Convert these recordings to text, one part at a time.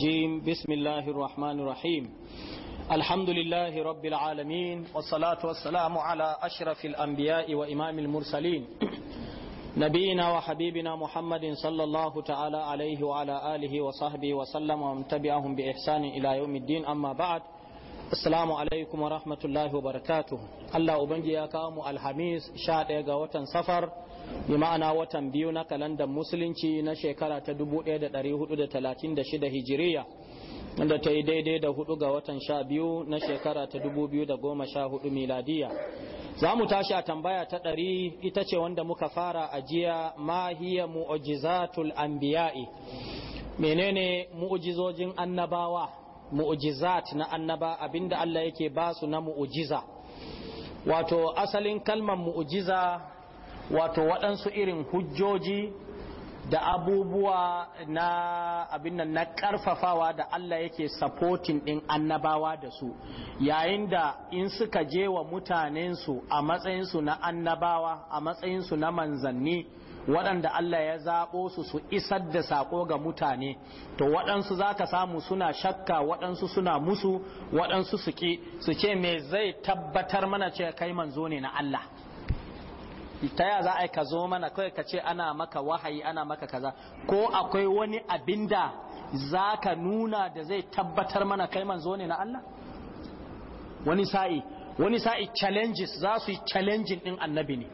الرجيم بسم الله الرحمن الرحيم الحمد لله رب العالمين والصلاة والسلام على أشرف الأنبياء وإمام المرسلين نبينا وحبيبنا محمد صلى الله تعالى عليه وعلى آله وصحبه وسلم ومن تبعهم بإحسان إلى يوم الدين أما بعد Assalamu alaikum wa rahmatullahi wa barakatuh. Allah Ubangi ya kawo mu Alhamis sha ɗaya ga watan safar, bi ma'ana watan biyu na kalandar Musulunci na shekara ta 1436 Hijiriya, wanda ta yi daidai da hudu ga watan sha biyu na shekara ta 2014 Miladiya. Za mu tashi a tambaya ta ɗari ita ce wanda muka fara a jiya mahiya mu'ujizatul anbiya'i. Menene mu'ujizojin annabawa? mu'jizat na annaba abinda Allah yake ba su na mu'jiza wato asalin kalmar mu'jiza wato waɗansu irin hujjoji da abubuwa na abin na karfafawa da Allah yake supportin ɗin annabawa da su yayin da in suka je wa mutanensu a matsayinsu na annabawa a matsayinsu na manzanni waɗanda Allah ya zaɓo su su isar da saƙo ga mutane to waɗansu za ka samu suna shakka waɗansu suna musu waɗansu su su ce me zai tabbatar mana ce kai manzo ne na Allah ta ya za a ka zo mana kawai ka ce ana maka wahayi ana maka kaza ko akwai wani abin da za ka nuna da zai tabbatar mana kai manzo ne na Allah wani sa'i wani sa'i challenges za su yi challenging din annabi ne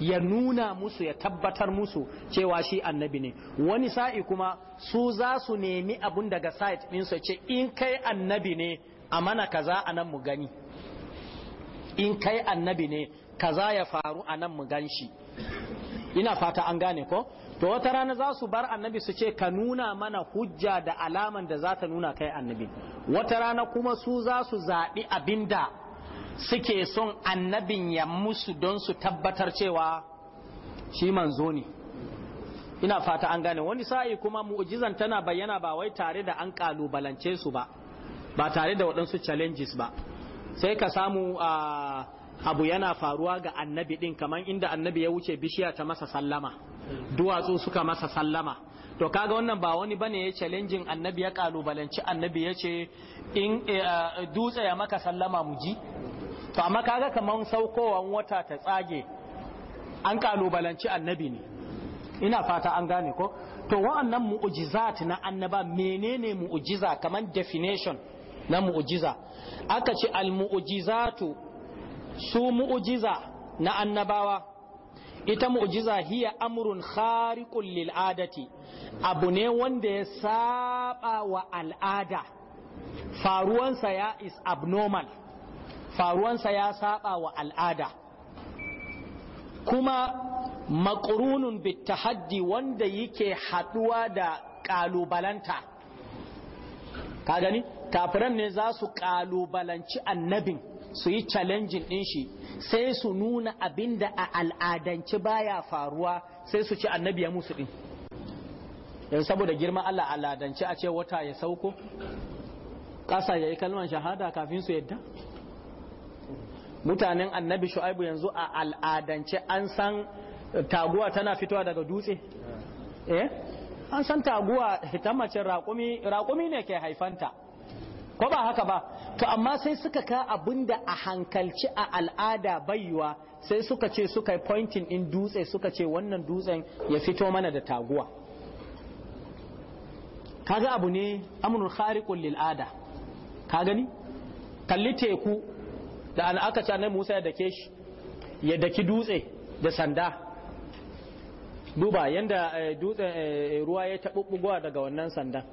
ya nuna musu ya tabbatar musu cewa shi annabi ne wani sa'i kuma su za su nemi abun daga site ɗinsu ce in kai annabi ne a mana kaza a nan mu gani in kai annabi ne kaza ya faru a nan mu gan shi ina fata an gane ko to wata rana za su bar annabi su ce ka nuna mana hujja da alaman da za ta nuna kai annabi wata rana kuma su za su zaɓi abinda suke son annabin ya musu don su tabbatar cewa shi manzo ne ina fata an gane wani sa'i kuma mu'ujizan tana bayyana ba wai tare da an kalubalance su ba ba tare da waɗansu challenges ba sai ka samu abu yana faruwa ga annabi ɗin kamar inda annabi ya wuce bishiya ta masa sallama duwatsu suka masa sallama to kaga wannan ba wani bane ya challenging annabi ya kalubalanci annabi ya ce in eh, ah, dutse ya maka sallama mu ji to amma kaga kaman saukowan wata ta tsage an kalubalanci annabi ne ina fata an gane ko to wa'annan mu'ujizat na annaba menene mu'ujiza kaman definition na mu'ujiza aka ce al mu'ujizatu su mu'ujiza na annabawa ita mu'jiza hiya amrun khariqul lil adati abu ne wanda ya saba wa al'ada sa ya is abnormal sa ya saba wa al'ada kuma bit tahaddi wanda yake haduwa da kalubalanta ka gani kafiran ne za su kalubalanci annabin su yi challenging ɗin shi sai su nuna abin a al'adance baya faruwa sai su ci annabi ya musu ɗin yanzu saboda girman Allah al'adance a ce wata ya sauko ƙasa ya yi kalmar shahada kafin su yadda mutanen annabi shu'aibu yanzu a al'adance an san taguwa tana fitowa daga dutse eh an san taguwa ta mace raƙumi ne ke haifanta ko ba haka ba to amma sai suka ka abinda a hankalci a al'ada baiwa sai suka ce suka yi pointing in dutse suka ce wannan dutsen ya fito mana da taguwa kaga abu ne amrun khariqul ada ka gani kalli teku da an aka ce Musa ya dake shi ya daki dutse da sanda duba yanda eh, dutsen eh, ruwa ya tabubbugowa daga wannan sandan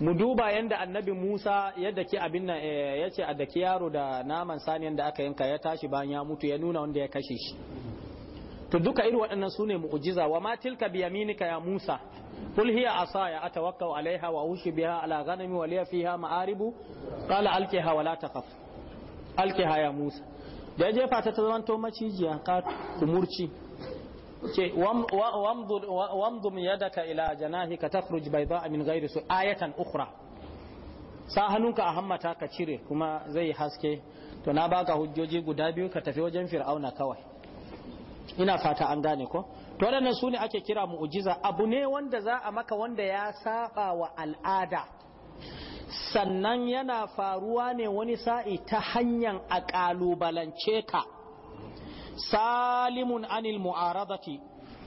mu duba yadda annabi Musa yadda ke abin nan eh, ya ce a daki yaro da naman saniyar da aka yanka ya tashi bayan ya mutu ya nuna wanda ya kashe shi to duka irin waɗannan sune mu'ujiza wa ma tilka bi yaminika ya Musa qul hiya asaya atawakkau alaiha wa ushi biha ala ghanami wa liya fiha ma'aribu qala alqiha wa la takhaf alqiha ya Musa da ya jefa ta ta zamanto macijiya ka kumurci ce wamdum yadaka ila janahika takhruj bayda min ghairi su ayatan ukhra sa hannunka a hammata ka cire kuma zai haske to na baka hujjoji guda biyu ka tafi wajen fir'auna kawai ina fata an gane ko to waɗannan su ne ake kira mu'ujiza abu ne wanda za a maka wanda ya saba wa al'ada sannan yana faruwa ne wani sa'i ta hanyar a ƙalubalance ka salimun anil mu'aradati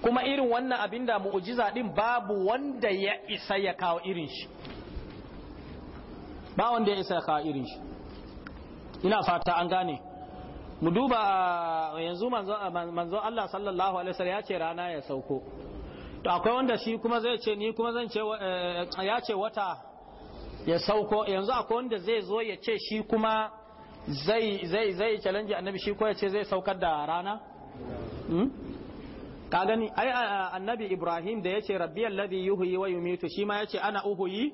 kuma irin wannan abin da mu'ujiza din babu wanda ya isa ya kawo irin shi ba wanda ya isa ya kawo irin shi ina fata an gane mu duba yanzu manzo Allah sallallahu alaihi wasallam ya ce rana ya sauko to akwai wanda shi kuma zai ce ni kuma zan ce eh, ya ce wata ya sauko yanzu akwai wanda zai zo ya ce shi kuma zai zai zai challenge annabi shi ko yace zai saukar da rana hmm? ka gani ai annabi ibrahim da yace rabbi alladhi yuhyi wa yumitu shi ma yace ana uhyi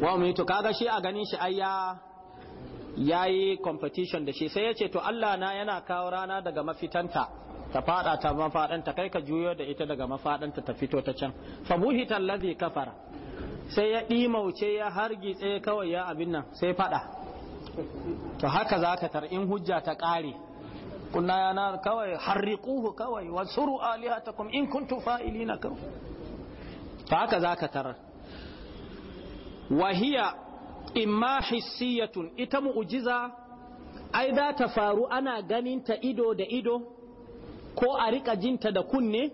wa yumitu kaga shi a ganin shi ai ya yayi competition da shi sai yace to Allah na yana kawo rana daga mafitanta ta fada ta mafadanta kai ka juyo da ita daga mafadanta ta fito ta can fa fabuhita alladhi kafara sai ya ɗimauce ya hargitse kawai ya abin nan sai fada to haka za ka in hujja ta ƙare kunna ya na kawai harriquhu kawai ta alihatakum in ili na kawai to haka za ka tarar wahiya imma hissiyatun ita mu'ujiza. ai da ta faru ana ganin ta ido da ido ko a rika jinta da kunne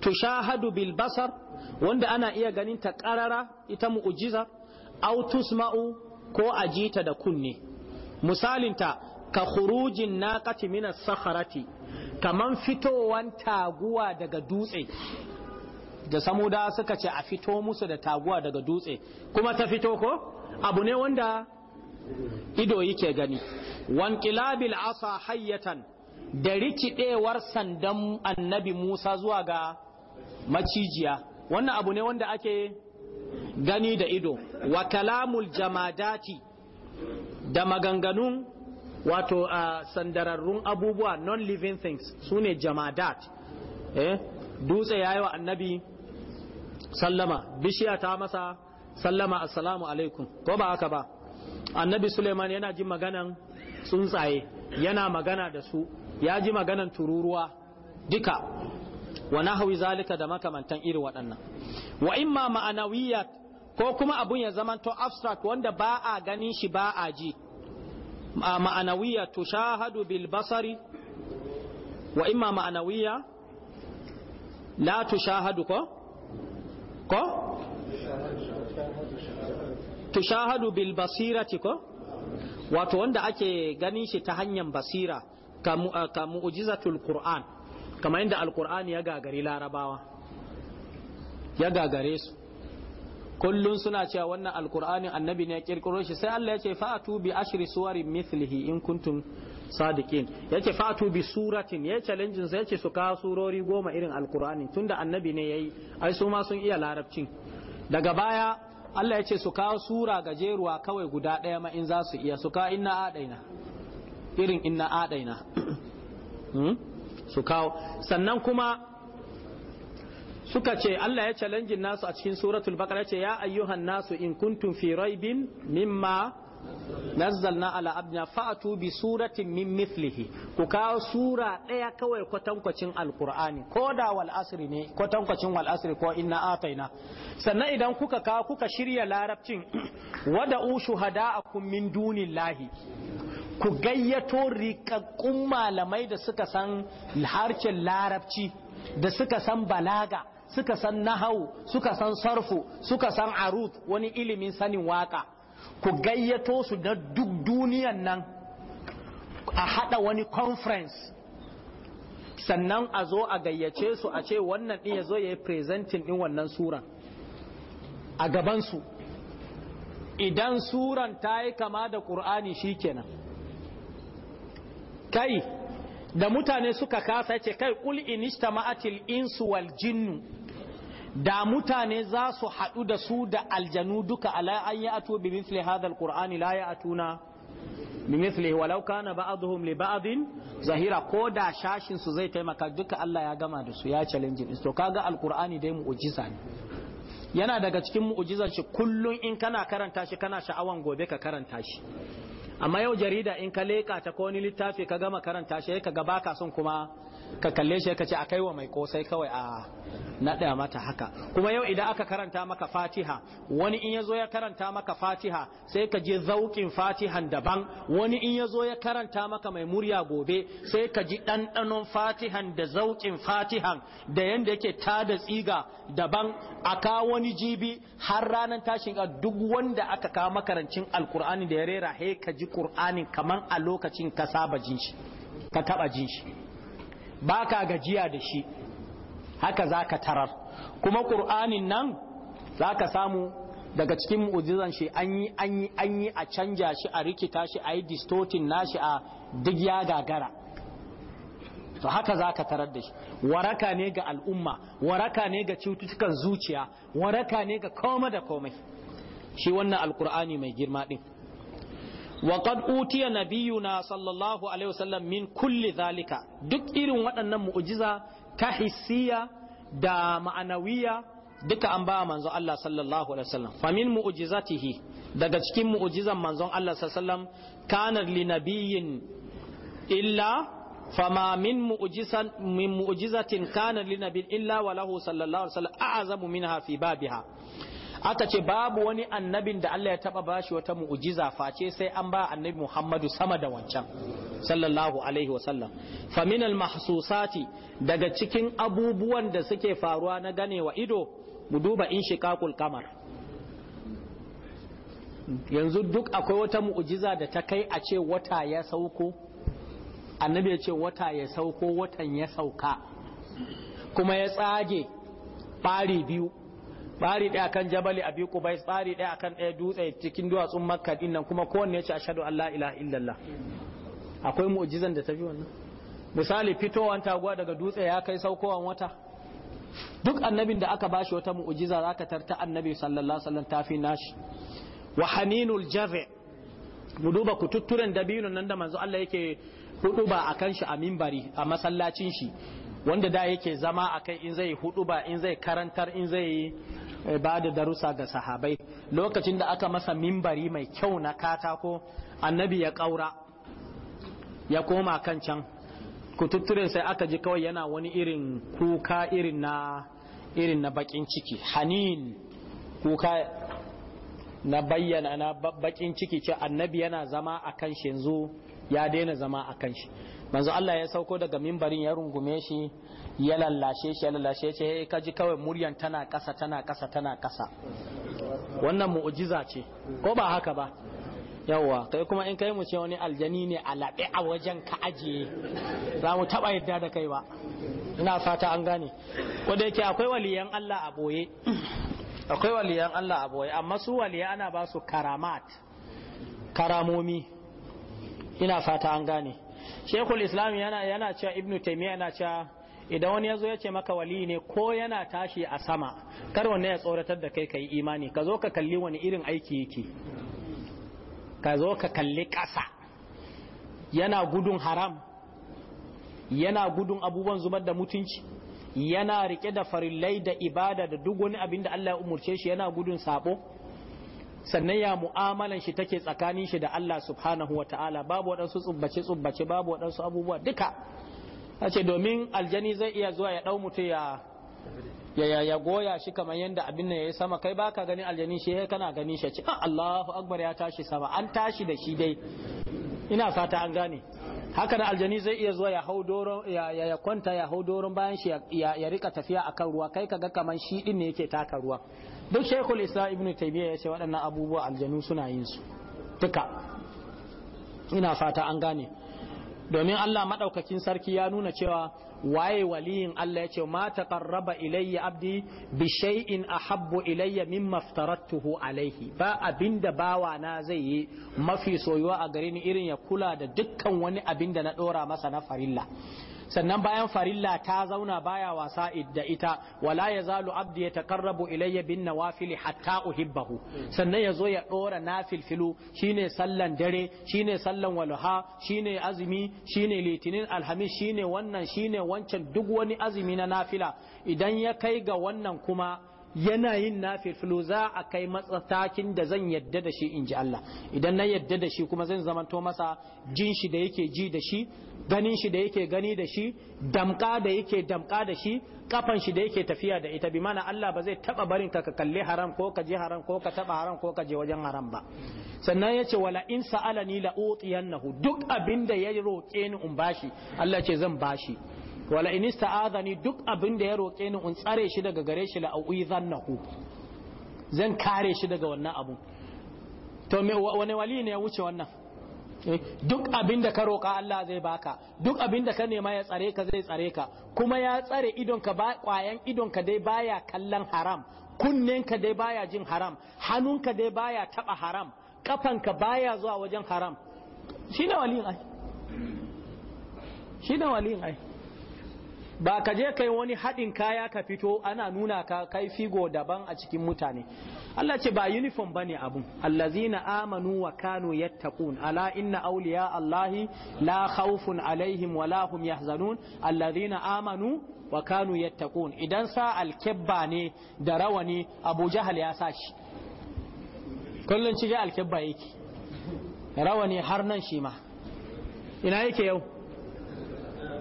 tushahadu bil basar wanda ana iya ganin ta karara ita mu'ujiza. au tusma'u ko a jita da kunne misalinta ka khurujin naqati min as-sakharati kaman fitowan taguwa daga dutse da samuda suka ce a fito musu da taguwa daga dutse kuma ta fito ko abu ne wanda ido yake gani wanqilabil asa hayyatan da rikidewar sandan annabi Musa zuwa ga macijiya wannan abu ne wanda ake gani da ido wa kalamul jamadati da maganganun wato a sandararrun abubuwa non-living things su ne jamadat eh, dutse ya yi wa annabi sallama bishiya ta masa sallama assalamu alaikum ko ba haka ba annabi suleiman yana ji maganan tsuntsaye yana magana da su ya ji maganan tururuwa duka wa nahawi zalika da makamantan iri waɗannan wa imma ma'anawiyat ko kuma abun ya zama to abstract wanda ba a ganin shi ba a ji a ma'anawiya tushahadu bil basari wa imma ma'anawiya la tushahadu ko ko tushahadu bil basirati ko wato wanda ake ganin shi ta hanyar basira ka mu'jizatul qur'an kamar yadda alqur'ani ya gagari larabawa ya gagare su kullun suna cewa wannan alkur'anin annabi ne ya kirkiro shi sai Allah ya ce fa'atu bi ashri suwarin mithlihi in kuntum sadiqin yace fa'atu bi suratin ya challenge sai yace su kawo surori goma irin alkur'ani tunda annabi ne yayi ai su ma sun iya larabcin daga baya Allah ya ce su kawo sura gajeruwa kawai guda ɗaya ma in za su iya su kawo inna adaina irin inna adaina hmm? su kawo sannan kuma suka ce Allah ya challenge nasu a cikin suratul baqara ce ya ayyuhan nasu in kuntum fi raibin mimma nazzalna ala abna fa'atu bi suratin min mithlihi ku kawo sura daya kawai kwatankwacin alqur'ani ko da wal asri ne kwatankwacin wal asri ko inna ataina sannan idan kuka kawo kuka shirya larabcin wada wada'u hada'akum min dunillahi ku gayyato riƙaƙƙun malamai da suka san harshen larabci da suka san balaga suka san nahau suka san sarfu suka san arut wani ilimin sanin waka ku gayyato su na duk duniyan nan a hada wani conference sannan a zo a gayyace su a ce wannan din ya zo ya yi presenting din wannan suran a gabansu idan suran ta yi kama da ƙur'ani shikenan kai da mutane suka kasa ce kai ƙul inista ma'atil insu wal jinnu da mutane za su haɗu da su da aljanu duka ala an yi ato bi misli hadal qur'ani la ya atuna bi misli walau kana ba'dhum li ba'din zahira ko da shashin su zai taimaka duka Allah ya gama da su ya challenge din to kaga alqur'ani dai mu'jiza ne yana daga cikin mu'jizar shi kullun in kana karanta shi kana sha'awan gobe ka karanta shi amma yau jarida in ka leka ta ko wani littafi ka gama karanta shi ka ga baka son kuma ka kalle shi ka ce a kai wa mai kosai kawai a naɗa mata haka kuma yau idan aka karanta maka fatiha wani in ya ya karanta maka fatiha sai ka je zaukin fatihan daban wani in yazo ya karanta maka mai murya gobe sai ka ji ɗanɗanon fatihan da zaukin fatihan da yadda yake ta da tsiga daban a kawo wani jibi har ranar tashin a duk wanda aka kawo makarancin alkur'ani da ya rera he ka ji kur'anin kamar a lokacin ka saba jin shi ka taɓa jin shi Baka gajiya da shi haka za tarar kuma ƙur'anin nan zaka samu daga cikin mu'ujizan shi an yi an yi an yi a canja shi a rikita shi a yi distotin nashi a duk ya gagara to haka za tarar da shi waraka ne ga al'umma waraka ne ga cututtukan zuciya waraka ne ga koma da komai shi wannan alkur'ani mai girma din. wa qad utiya nabiyuna sallallahu alaihi wasallam min kulli zalika duk irin waɗannan mu'jiza ka hisiya da ma'anawiya duka an ba manzon Allah sallallahu alaihi wasallam fa min mu'jizatihi daga cikin mu'jizan manzon Allah sallallahu alaihi wasallam kana li فما من معجزة من معجزة كان لنبي إلا وله صلى الله عليه وسلم أعظم منها في بابها aka ce babu wani annabin da Allah ya taba bashi wata mu'jiza face sai an ba annabi Muhammadu sama da wancan sallallahu alaihi wa sallam. min faminal mahsusati daga cikin abubuwan da suke faruwa na gane wa ido mu duba in shiqaqul kamar yanzu duk akwai wata mu'jiza da ta kai a ce wata ya sauko annabi ya ce wata ya sauko watan ya sauka kuma ya tsage ɓari biyu bari ɗaya kan jabali abi qubais bari ɗaya kan ɗaya dutse cikin duwatsun makka din nan kuma kowanne ya ce ashhadu an la ilaha illallah akwai mu'jizan da ta fi wannan misali fitowan taguwa daga dutse ya kai saukowan wata duk annabin da aka bashi wata mu'ujiza za ka tarta annabi sallallahu alaihi ta fi nashi wa haninul jabe mu duba kututturen dabinun nan da manzo Allah yake hudu ba a kan shi a mimbari a masallacin shi wanda da yake zama a kai in zai hudu ba in zai karantar in zai yi. Eh, ba da darussa ga sahabai lokacin da aka masa mimbari mai kyau na katako annabi ya ƙaura ya koma kan can kututture sai aka ji kawai yana wani irin kuka irin na irin na bakin ciki hanin kuka na bayyana na bakin ciki ce annabi yana zama a kan yanzu ya daina zama a kan manzo Allah ya sauko daga mimbarin ya rungume shi ya lallashe shi ya lallashe shi hey, kaji kawai muryan tana kasa tana kasa tana kasa wannan mu'ujiza ce ko ba haka ba yawwa kai kuma in kai mu ce wani aljani ne a laɓe a wajen ka ajiye za mu taɓa yadda da kai ba ina fata an gane ko da yake akwai waliyan Allah a boye akwai waliyan Allah a boye amma su waliya ana ba su karamat karamomi ina fata an gane shekul islam yana yana cewa ibnu taymiya yana cewa idan wani yazo ya ce maka wali ne ko yana tashi a sama kar wanne ya tsoratar da kai ka yi imani ka zo ka kalli wani irin aiki yake ka zo ka kalli ƙasa yana gudun haram yana gudun abubuwan zubar da mutunci yana rike da farillai da ibada da duk wani abin da Allah ya umurce shi yana gudun sabo sannan ya mu'amalan shi take tsakanin shi da Allah subhanahu wa ta'ala babu waɗansu tsubbace tsubbace babu waɗansu abubuwa duka ce domin aljani zai iya zuwa ya ɗau mutu ya ya ya goya shi kamar yadda abin nan yayi sama kai baka ganin aljani shi eh kana ganin shi a ce Allahu akbar ya tashi sama an tashi da shi dai ina fata an gane haka da aljani zai iya zuwa ya hau doron ya kwanta ya hau doron bayan shi ya rika tafiya akan ruwa kai kaga kamar shi din ne yake taka ruwa duk shaykhul islam ibnu taymiya ya ce waɗannan abubuwa aljanu suna yin su duka ina fata an gane domin Allah madaukakin sarki ya nuna cewa waye waliyin Allah ya ce ma taqarraba ilayya abdi bi shay'in ahabbu ilayya mimma aftaratuhu alayhi ba abinda bawa na zai yi mafi soyuwa a gare ni irin ya kula da dukkan wani abinda na dora masa na farilla sannan bayan farilla ta zauna baya wasa da ita wala ya zalu abdi ya taqarrabu ilayya bin nawafil hatta uhibbahu sannan yazo ya dora nafilfilu shine sallan dare shine sallan walha shine azumi shine litinin alhamis shine wannan shine wancan duk wani azumi na nafila idan ya kai ga wannan kuma yana yin firfilo za a kai matsatakin da zan yadda da shi in ji Allah idan na yadda da shi kuma zan zamanto masa jin shi da yake ji da shi ganin shi da yake gani da shi damka da yake damka da shi kafan shi da yake tafiya da ita bi mana Allah ba zai taba barin ka ka kalli haram ko ka je haram ko ka taba haram ko ka je wajen haram ba sannan yace wala in sa'alani la utiyannahu duk abinda ya roke ni in bashi Allah ce zan bashi wala in sta'adani duk abin da ya roke ni in tsare shi daga gare shi la au'izannahu zan kare shi daga wannan abu to me wani wali ne ya wuce wannan eh, duk abin da ka roƙa Allah zai baka duk abin da ka nema ya tsare ka zai tsare ka kuma ya tsare ka ba ƙwayan ka dai baya kallon haram ka dai baya jin haram ka dai baya taba haram kafan ka baya zuwa wajen haram shine waliyin ai shine wali ai ba ka je kai wani haɗin kaya ka fito ana nuna ka kai figo daban a cikin mutane Allah ce ba uniform bane abun allazina amanu wa kanu yattaqun ala inna awliya allahi la khawfun alaihim wa la hum yahzanun allazina amanu wa kanu yattaqun idan sa alkebba ne da rawani abu jahal ya sa shi kullun ci alkebba yake rawani har nan shi ma ina yake yau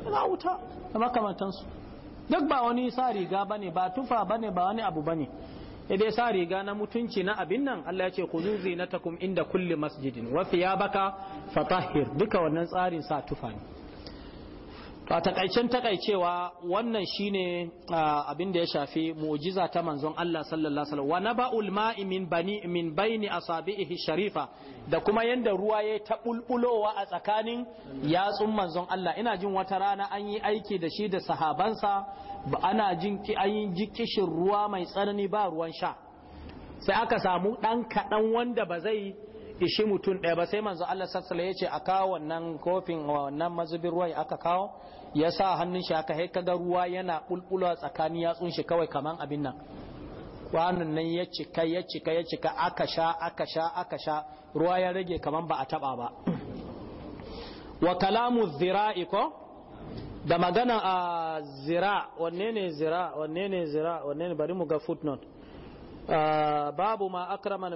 ina wuta da makamantansu duk ba wani sa riga bane ba tufa bane ba wani abu bane dai sa riga na mutunci na abin nan Allah ya ce ku zuzi na takum inda kulli masjidin wa baka fatahir duka wannan tsarin sa tufa ne a takaicen takaicewa wannan shine abin da ya shafi mu'jiza ta manzon Allah sallallahu alaihi wa naba'ul ma'i min bani min baini asabihi sharifa da kuma yanda ruwa ya ta bulbulowa a tsakanin yatsun manzon Allah ina jin wata rana an yi aiki da shi da sahabansa ana jin ki an yi kishin ruwa mai tsanani ba ruwan sha sai aka samu dan kadan wanda ba zai ishi mutum ɗaya ba sai manzo Allah sassala ya ce a kawo wannan kofin wannan mazubin ruwa aka kawo ya sa hannun shi aka haika ga ruwa yana bulbulwa tsakanin yatsun shi kawai kaman abin nan kwanan nan ya cika ya cika ya cika aka sha aka sha aka sha ruwa ya rage kaman ba a taba ba wa kalamu zira'i ko da magana a ah, zira wanne ne zira wanne ne zira wanne ne bari mu ga footnote babu ma akraman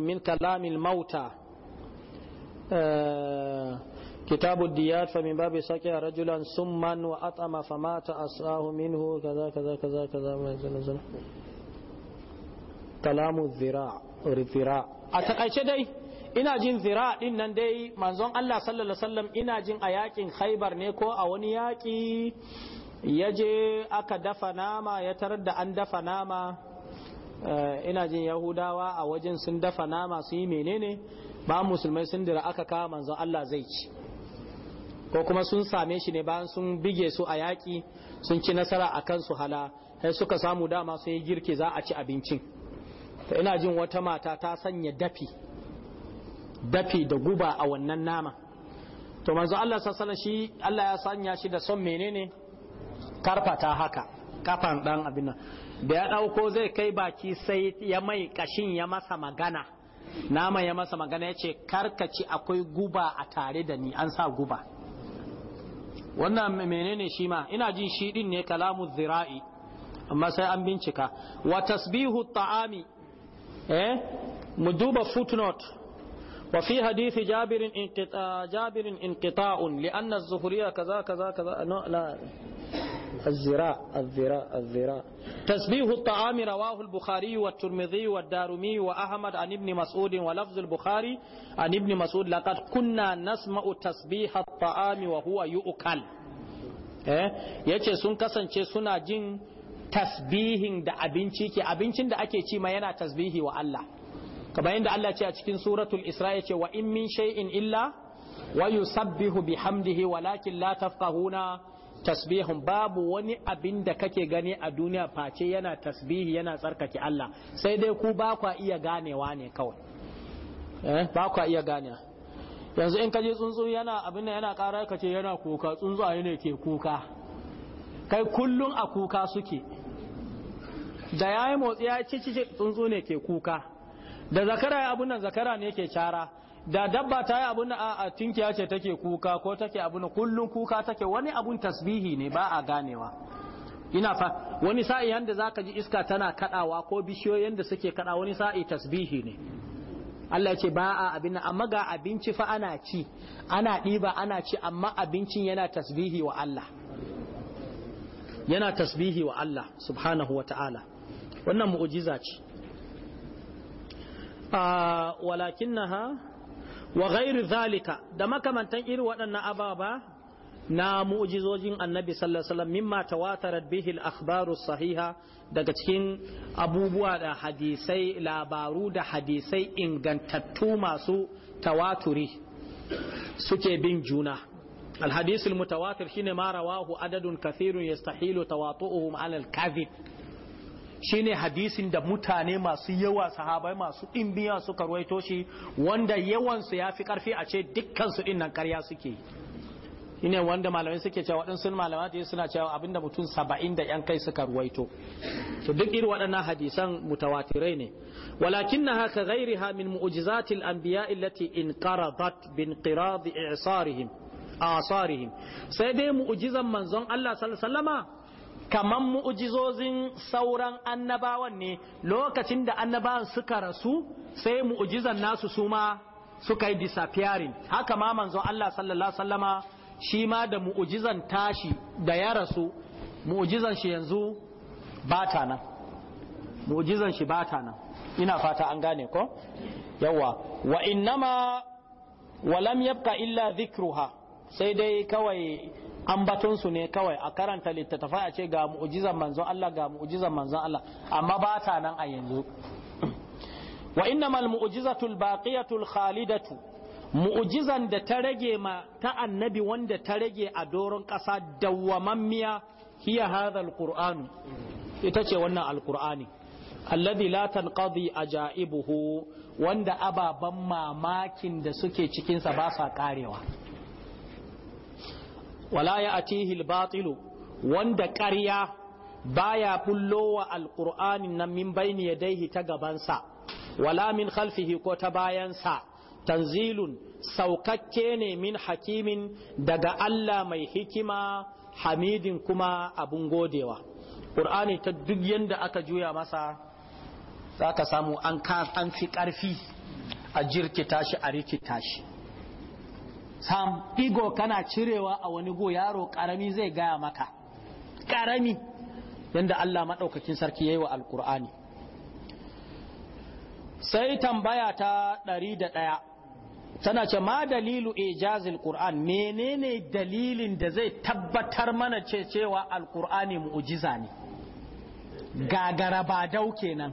min kalamil mauta كتاب الديات فمن باب سكي رجلا سما وأطعم فمات أسراه منه كذا كذا كذا كذا كلام الذراع الذراع أتقيت دي ina jin zira din nan dai manzon Allah sallallahu alaihi wasallam ina jin a yakin Khaibar ne ko a wani yaki yaje aka dafa nama ya tarar da an dafa nama Eh, ina jin yahudawa a wajen sun dafa nama su yi menene ba musulmai sun dira aka kawo manzon Allah zai ci ko kuma sun same shi ne bayan sun bige su a yaƙi sun ci nasara a kansu hala sai suka samu dama sun yi girki za a ci abincin to ina jin wata mata ta sanya dafi dafi da guba a wannan nama to manzo Allah sallallahu shi Allah ya sanya shi da son menene karfata haka kafan dan abin nan da ya ɗauko zai kai baki sai ya mai ƙashin ya masa magana nama ya masa magana ya ce karkaci akwai guba a tare da ni an sa guba wannan menene shi ma ina jin shi din ne kalamu zira'i amma sai an bincika wa tasbihu ta'ami eh mu duba footnote وفي حديث جابر انقطاع جابر انقطاع لأن الزهرية kaza kaza kaza الذراع الذراع الذراع تسبيح الطعام رواه البخاري والترمذي والدارمي وأحمد عن ابن مسعود ولفظ البخاري عن ابن مسعود لقد كنا نسمع تسبيح الطعام وهو يؤكل eh yace sun kasance suna jin tasbihin da abinci ke abincin da ake ci ma yana tasbihi wa Allah kamar yadda Allah ce a cikin suratul Isra yace wa in min shay'in illa wa yusabbihu bihamdihi walakin la tafqahuna tasbihun babu wani abin da kake gani a duniya face yana tasbihi yana tsarkake Allah sai dai ku ba kwa iya ganewa ne kawai eh ba kwa iya ganewa yanzu in kaje tsuntsu yana abin da yana ƙara ka ce yana kuka tsuntsu a ne ke kuka kai kullun a kuka suke da yayi motsi ya ci ci tsuntsu ne ke kuka da zakara abun nan zakara ne ke cara da dabba ta yi abu na a tinkiya ce take kuka ko take na kullum kuka take wani abun tasbihi ne ba a ganewa ina fa wani sa'i yanda zaka ji iska tana kadawa ko bishiyoyin da suke kada wani sa'i tasbihi ne Allah ce ba a abin amma ga abinci fa ana ci ana ɗiba ana ci amma abincin yana tasbihi wa Allah yana tasbihi wa Allah subhanahu wa ta'ala wannan mu'ujiza ce walakinnaha wa gairu zalika da makamantan irin waɗannan ababa na mu'jizojin annabi sallallahu mimma tawatarat bihi al-akhbaru sahiha daga cikin abubuwa da hadisai labaru da hadisai ingantattu masu tawaturi suke bin juna الحديث المتواتر حينما رواه عدد كثير يستحيل تواطؤهم على الكذب shine hadisin da mutane masu yawa sahabai masu ɗimbiya suka ruwaito shi wanda yawansu ya fi ƙarfi a ce dukkansu ɗin nan ƙarya suke ine wanda malamai suke cewa waɗansu malamai da suna cewa abinda mutum saba'in da yan kai suka ruwaito to duk irin waɗannan hadisan mutawatirai ne walakin na haka gairi ha min mu'ujizatil anbiya illati in qaradat bin qirad i'sarihim asarihim sai dai mu'ujizan manzon Allah sallallahu alaihi wasallama kaman mu'ujizozin sauran annabawan ne lokacin da annabawan suka rasu sai mu'ujizan nasu su ma suka yi disappearing haka ma manzo Allah sallallahu sallama shi ma da mu'ujizan tashi da ya rasu mu'ujizan shi yanzu bata nan mu'ujizan shi bata nan ina fata an gane ko yawa wa innama walam yabqa illa dhikruha sai dai kawai An su ne kawai a karanta littattafai a ce ga mu'jizan manzon Allah ga mu'jizan manzon Allah amma ba ta nan a yanzu wa innamal mu'jizatul baqiyatul khalidatu mu'ujizan da ta rage ma ta annabi wanda ta rage a doron ƙasa dawwamammiya hiya hadha alqur'anu ita ce wannan alqur'ani alladhi la tanqadi ajaibuhu wanda ababan mamakin da suke cikin sa ba sa karewa wala ya atihil batilu wanda ƙarya baya bullowa alqur'anin nan min bayni daihi ta gabansa wala min khalfihi ko ta bayansa tanzilun saukakke ne min hakimin daga Allah mai hikima hamidin kuma abun godewa ƙur'ani ta duk yadda aka juya masa za ka samu an fi ƙarfi a jirkita shi a rikita shi sam igo kana cirewa a wani go yaro karami zai gaya maka karami yadda Allah maɗaukakin sarki ya yi wa alkur'ani sai tambaya ta ɗari da ɗaya tana ce ma dalilu ijazil qur'an menene dalilin da zai tabbatar mana ce cewa alkur'ani mu'ujiza ne gagara ba dau kenan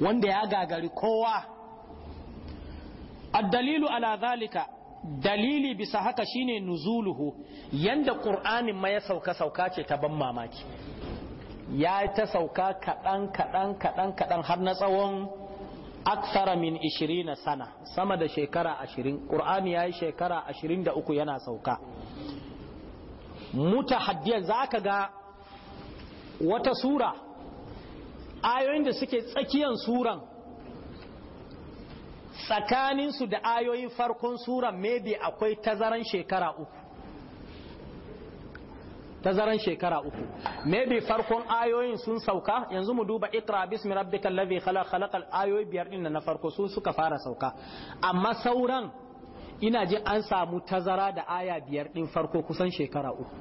wanda ya gagari kowa addalilu ala zalika dalili bisa haka shine nuzuluhu yanda qur'anin ma ya sauka sauka ce ta ban mamaki ya ta sauka kaɗan kaɗan kaɗan kaɗan har na tsawon aksara min 20 sana sama da shekara ashirin qur'ani ya yi shekara ashirin yana sauka muta zaka za ka ga wata sura ayoyin da suke tsakiyan suran tsakaninsu da ayoyin farkon sura maybe akwai tazaran shekara uku tazaran shekara uku maybe farkon ayoyin sun sauka yanzu mu duba ikra bismi rabbikal ladhi khalaq khalaqal ayoyi biyar din na farko sun suka fara sauka amma sauran ina ji an samu tazara da aya biyar din farko kusan shekara uku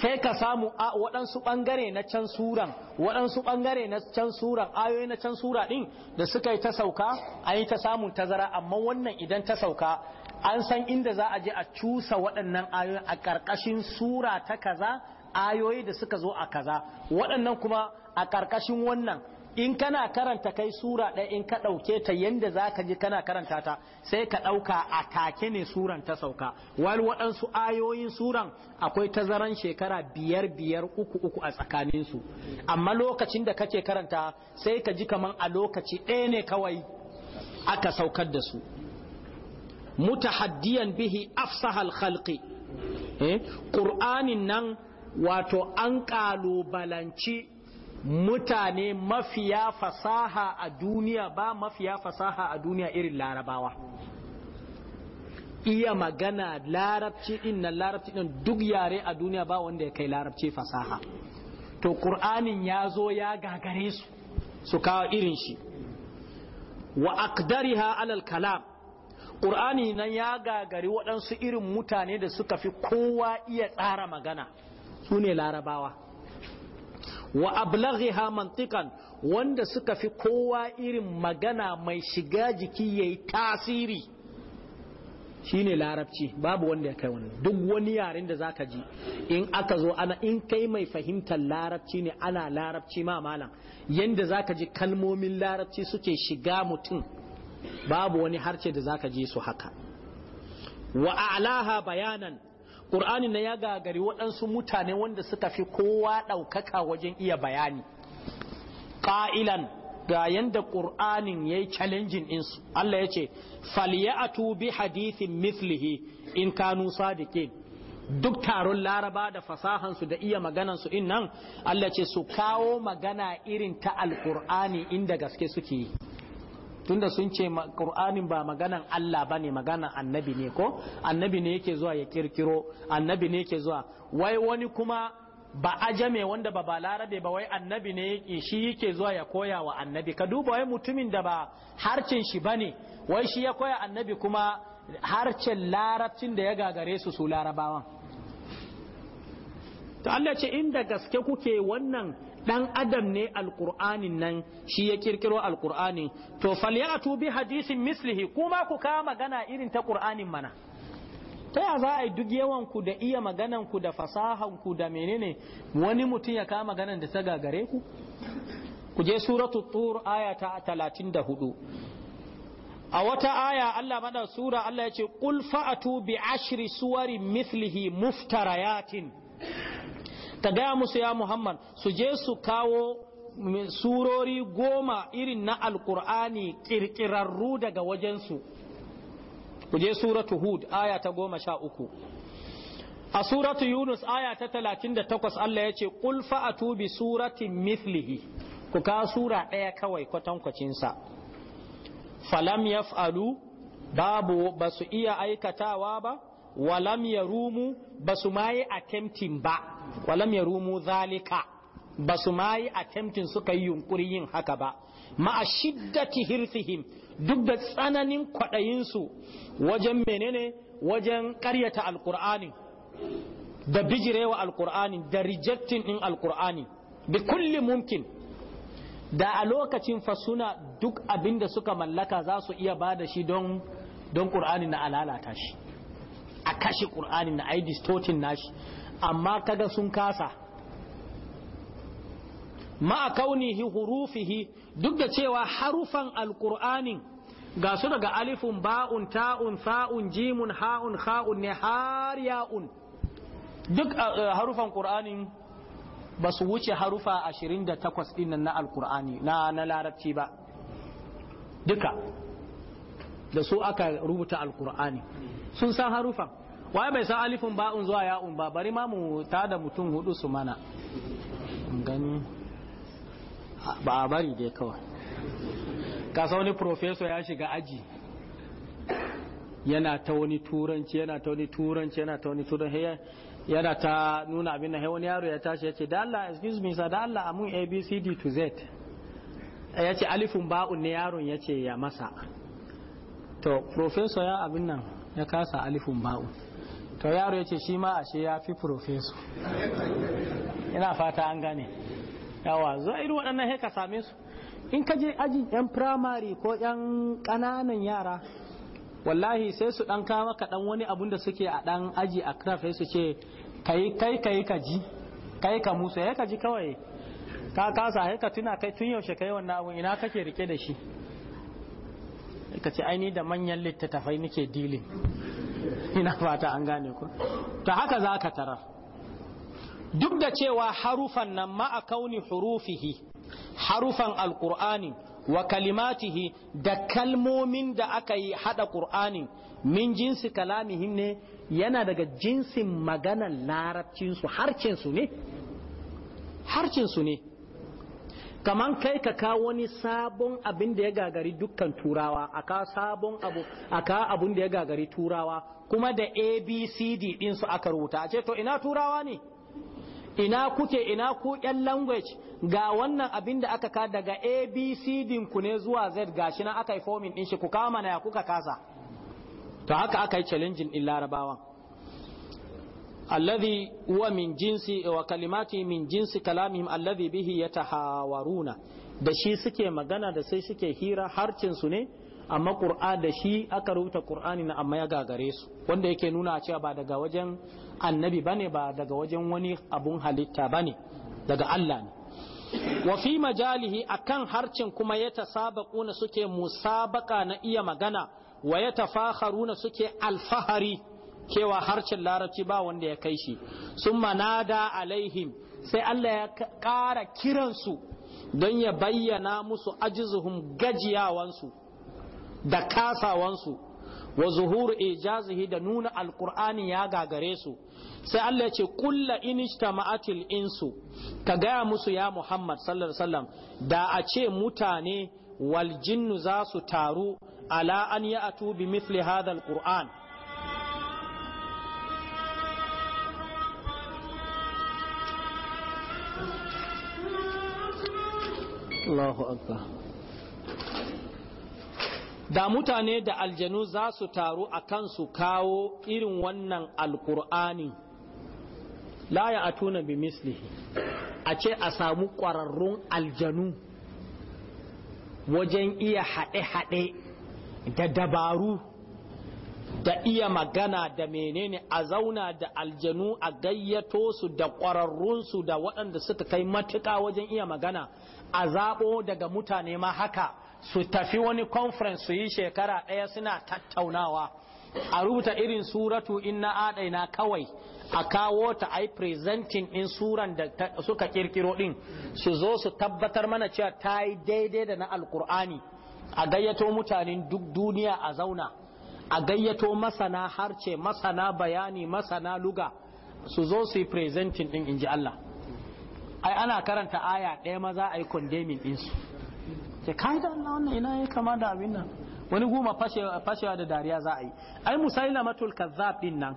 sai ka samu a waɗansu ɓangare na can suran waɗansu ɓangare na can suran ayoyi na can sura ɗin da suka yi ta sauka a yi ta samun tazara amma wannan idan ta sauka an san inda za a je a cusa waɗannan ayoyi a ƙarƙashin sura ta kaza ayoyi da suka zo a kaza waɗannan kuma a ƙarƙashin wannan in kana karanta kai sura ɗaya in ka ɗauke ta yadda za ka ji kana karanta ta sai ka ɗauka a take ne suran ta sauka wal waɗansu ayoyin suran akwai tazaran shekara biyar biyar uku uku a tsakaninsu amma lokacin da kake karanta sai ka ji kaman a lokaci ɗaya ne kawai aka saukar da su mutahaddiyan bihi afsahal khalqi eh qur'anin nan wato an kalubalanci mutane mafiya fasaha a duniya ba mafiya fasaha a duniya irin larabawa iya magana larabci din nan larabci din duk yare a duniya ba wanda ya kai larabci fasaha to qur'anin ya zo ya gagare su su kawo irin shi wa aqdariha alal kalam qur'ani nan ya gagari waɗansu irin mutane da suka fi kowa iya tsara magana su ne larabawa wa ha mantiqan wanda suka fi kowa irin magana mai shiga jiki yayi tasiri shine larabci babu wanda ya kai wannan duk wani yaren da zaka ji in aka zo ana in kai mai fahimtar larabci ne ana larabci ma malam yanda zaka ji kalmomin larabci suke shiga mutum babu wani harce da zaka ji su haka wa a'laha bayanan ƙur'ani na ya gagari waɗansu mutane wanda suka fi kowa ɗaukaka wajen iya bayani ƙa'ilan ga yanda ƙur'anin ya yi challenging insu Allah ya ce faliyatu bi hadithin mislihi in kanu sadiqin duk taron laraba da fasahansu da iya maganansu in nan Allah ce su kawo magana irin ta alƙur'ani inda gaske suke yi tunda sun ce qur'anin ba maganan Allah bane maganan annabi ne ko annabi ne yake zuwa ya kirkiro annabi ne yake zuwa wai wani kuma ba ajame wanda ba ba larabe ba wai annabi ne shi yake zuwa ya koya wa annabi ka duba wai mutumin da ba harcin shi bane wai shi ya koya annabi kuma harcin larabcin da ya gagare su su larabawan to Allah ce inda gaske kuke wannan dan adam ne alqur'anin nan shi ya kirkiro alqur'anin to falyatu bi hadisin mislihi kuma ku ka magana irin ta qur'anin mana ta ya za a yi duk yawan ku da iya maganan ku da fasahan ku da menene wani mutum ya kama maganan da ta gagare ku ku je suratu tur aya ta 34 a wata aya Allah mada sura Allah ya ce qul fa'atu bi ashri suwarin mislihi muftarayatin ta gaya musu ya muhammad su je su kawo surori goma irin na alkur'ani kirkirarru daga wajensu ku je suratu hud aya ta goma sha uku a suratu yunus aya ta talatin da takwas allah ya ce ƙulfa a tubi suratin mithlihi ku ka sura ɗaya kawai kwatankwacinsa falam yaf'alu babu ba su iya aikatawa ba walam ya rumu ba su ma yi attempting ba walam ya rumu zalika ba su ma yi attempting suka yi yunkuri yin haka ba ma'a shiddati hirsihim duk da tsananin kwaɗayinsu wajen menene wajen ƙaryata alƙur'ani da bijirewa alƙur'ani da rejecting ɗin alƙur'ani bi kulli mumkin da a lokacin fa suna duk abinda suka mallaka za su iya ba da shi don don ƙur'ani na alalata shi kashe ƙur'anin na ai distortin nashi amma kaga sun kasa ma'a kaunihi hurufihi duk da cewa harufan alƙur'anin ga su daga alifun ba'un ta'un fa'un jimun ha'un ha'un ne har ya'un duk harufan ƙur'anin ba su wuce harufa 28 ɗin na alƙur'ani na larabci ba duka da su aka rubuta alkur'ani sun san harufan wai bai san alifin ba'un zuwa ya'un ba bari ma mu tada mutum hudu su mana gani ba a bari dai kawai kasa wani professor ya shiga aji yana ta wani turanci yana ta wani turanci yana ta wani turanci yana ta nuna abin da wani yaro ya tashi ya ce da Allah excuse me sa da Allah amun abcd to z ya ce alifin ba'un ne yaron ya ce ya masa to professor ya abin nan ya kasa alifin ba'un to yaro ya ce shi ma ashe ya fi profeso ina fata an gane yawa zuwa irin waɗannan heka same su in ka je aji yan firamare ko yan ƙananan yara wallahi sai su ɗan kama ka ɗan wani abun da suke a ɗan aji a craft su ce kai kai kai ka ji kai ka musu ya ka ji kawai ka kasa ka tuna kai tun yaushe kai wannan abun ina kake rike da shi ka ce aini da manyan littattafai nake dilin ina fata an gane ku ta haka za ka tarar duk da cewa harufan nan ma'a kauni hurufihi harufan alkur'ani wa kalimatihi da kalmomin da aka yi hada ƙur'ani, min jinsi kalamihin ne yana daga jinsin maganan larabcinsu harcinsu ne harcinsu ne kaman kai ka kawo wani sabon abin da ya gagari dukkan turawa a aka sabon abu ka abin da ya gagari turawa kuma da abcd din su aka rubuta a ce to ina turawa ne ina kuke ina ku yan language ga wannan abin da aka ka daga abcd ku ne zuwa z gashi nan aka yi forming din shi ku kama na ya kuka kasa to haka aka yi challenging ɗin larabawan alladhi huwa min jinsi wa kalimati min jinsi kalamihim alladhi bihi yatahawaruna da shi suke magana da sai suke hira harcin su ne amma qur'an da shi aka rubuta qur'ani na amma ya gagare su wanda yake nuna cewa ba daga wajen annabi bane ba daga wajen wani abun halitta bane daga Allah ne wa fi majalihi akan harcin kuma ya tasabaquna suke musabaka na iya magana wa ya tafakharuna suke alfahari kewa harcin larabci ba wanda ya kai shi sun manada alaihim sai Allah ya ƙara kiransu don ya bayyana musu ajizuhum gajiyawansu da kasawansu wa zuhur ijazihi da nuna alkur'ani ya gagare su sai Allah ya ce kulla ma'atil insu ka gaya musu ya Muhammad sallallahu da a ce mutane wal jinnu za su taru ala an ya'tu bi mithli hadha alquran Allahu akbar da mutane da aljanu za su taru a kan su kawo irin wannan alkur'ani la ya atuna bi mislihi a ce a samu ƙwararrun aljanu wajen iya haɗe-haɗe da dabaru da iya magana da menene a zauna da aljanu a gayyato su da ƙwararrunsu da waɗanda suka kai matuƙa wajen iya magana a zaɓo daga mutane ma haka su tafi wani conference su yi shekara ɗaya suna tattaunawa a rubuta irin suratu in na kawai a kawo ta ai presenting in suran da suka kirkiro ɗin su zo su tabbatar mana cewa ta yi daidai da na alkur'ani a gayyato mutanen duk duniya a zauna a gayyato masana harce masana bayani masana luga su zo su yi presenting din ji Allah ai ana karanta aya ɗaya maza ayi a yi kondemin ɗinsu ce kai wannan ina ya kama da abin nan wani guma fashewa da dariya za a yi ai musaila matul kazzab din nan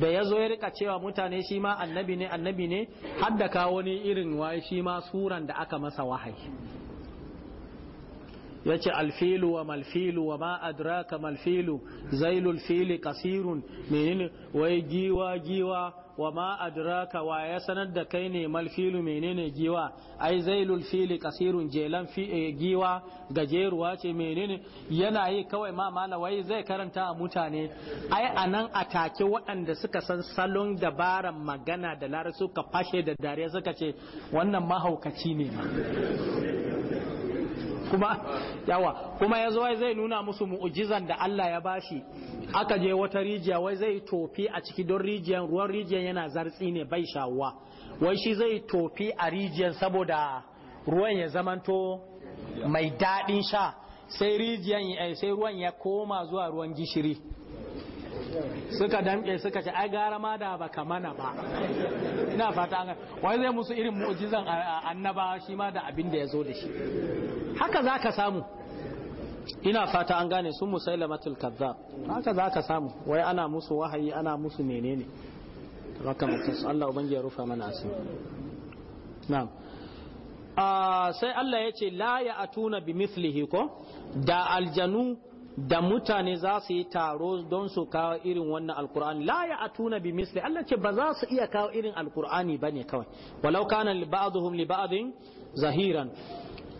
da ya zo ya rika cewa mutane shi ma annabi ne annabi ne har da kawo wani irin waye shi ma suran da aka masa wahayi Yace ce alfilu wa malfilu wa ma adraka malfilu zailul fili kasirun menene wai giwa giwa wa ma adraka wa ya sanar da kai ne malfilu menene giwa ai zailul fili kasirun jelan fi eh, giwa gajeruwa ce menene yana yi kawai ma mala wai zai karanta a mutane ai anan atake waɗanda suka san salon dabaran magana da lara suka fashe da dariya suka ce wannan mahaukaci ne ma kuma yawa kuma ya zo zai nuna musu mu'ujizan da Allah ya bashi aka je wata rijiya wai zai tofi a ciki don rijiyan ruwan rijiyan yana zartsi ne bai shawwa wai shi zai tofi a rijiyan saboda ruwan ya zamanto mai daɗin sha sai rijiyan eh, sai ruwan ya koma zuwa ruwan gishiri suka damke suka ce ai gara ma da ba mana ba ina fata an wai zai musu irin mu'jizan annaba shi ma da abin da ya zo da shi haka zaka samu ina fata an gane sun musailamatul kazzab haka zaka samu wai ana musu wahayi ana musu menene makamantansu Allah ubangi ya rufa mana asiri na'am ah, sai Allah ya ce la ya atuna bi mislihi ko da aljanu da mutane za su yi taro don su kawo irin wannan alkur'ani la ya atuna bi misli Allah ce ba za su iya kawo irin alkur'ani ne kawai walau kana li ba'dhum li zahiran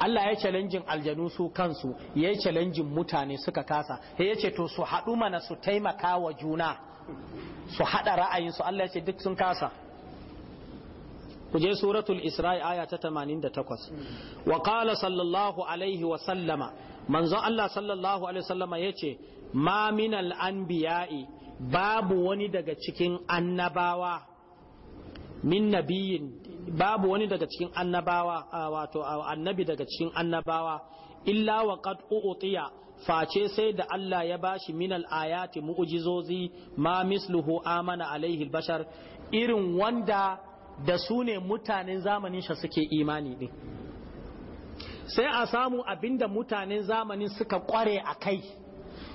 Allah ya challenging aljanu su kansu ya yi challenging mutane suka kasa sai ya ce to su haɗu mana su taimaka wa juna su haɗa ra'ayinsu Allah ya ce duk sun kasa ku je suratul isra'i aya ta 88 wa qala sallallahu alaihi wa sallama manzon Allah sallallahu alaihi wasallama yace ma minal anbiya'i babu wani daga cikin annabawa min nabiyin babu wani daga cikin annabawa wato annabi daga cikin annabawa illa wa qad u'tiya face sai da Allah ya bashi minal ayati mu'jizozi ma misluhu amana alaihi bashar irin wanda da su ne mutanen zamanin shi suke imani din sai a samu abinda mutanen zamanin suka kware a kai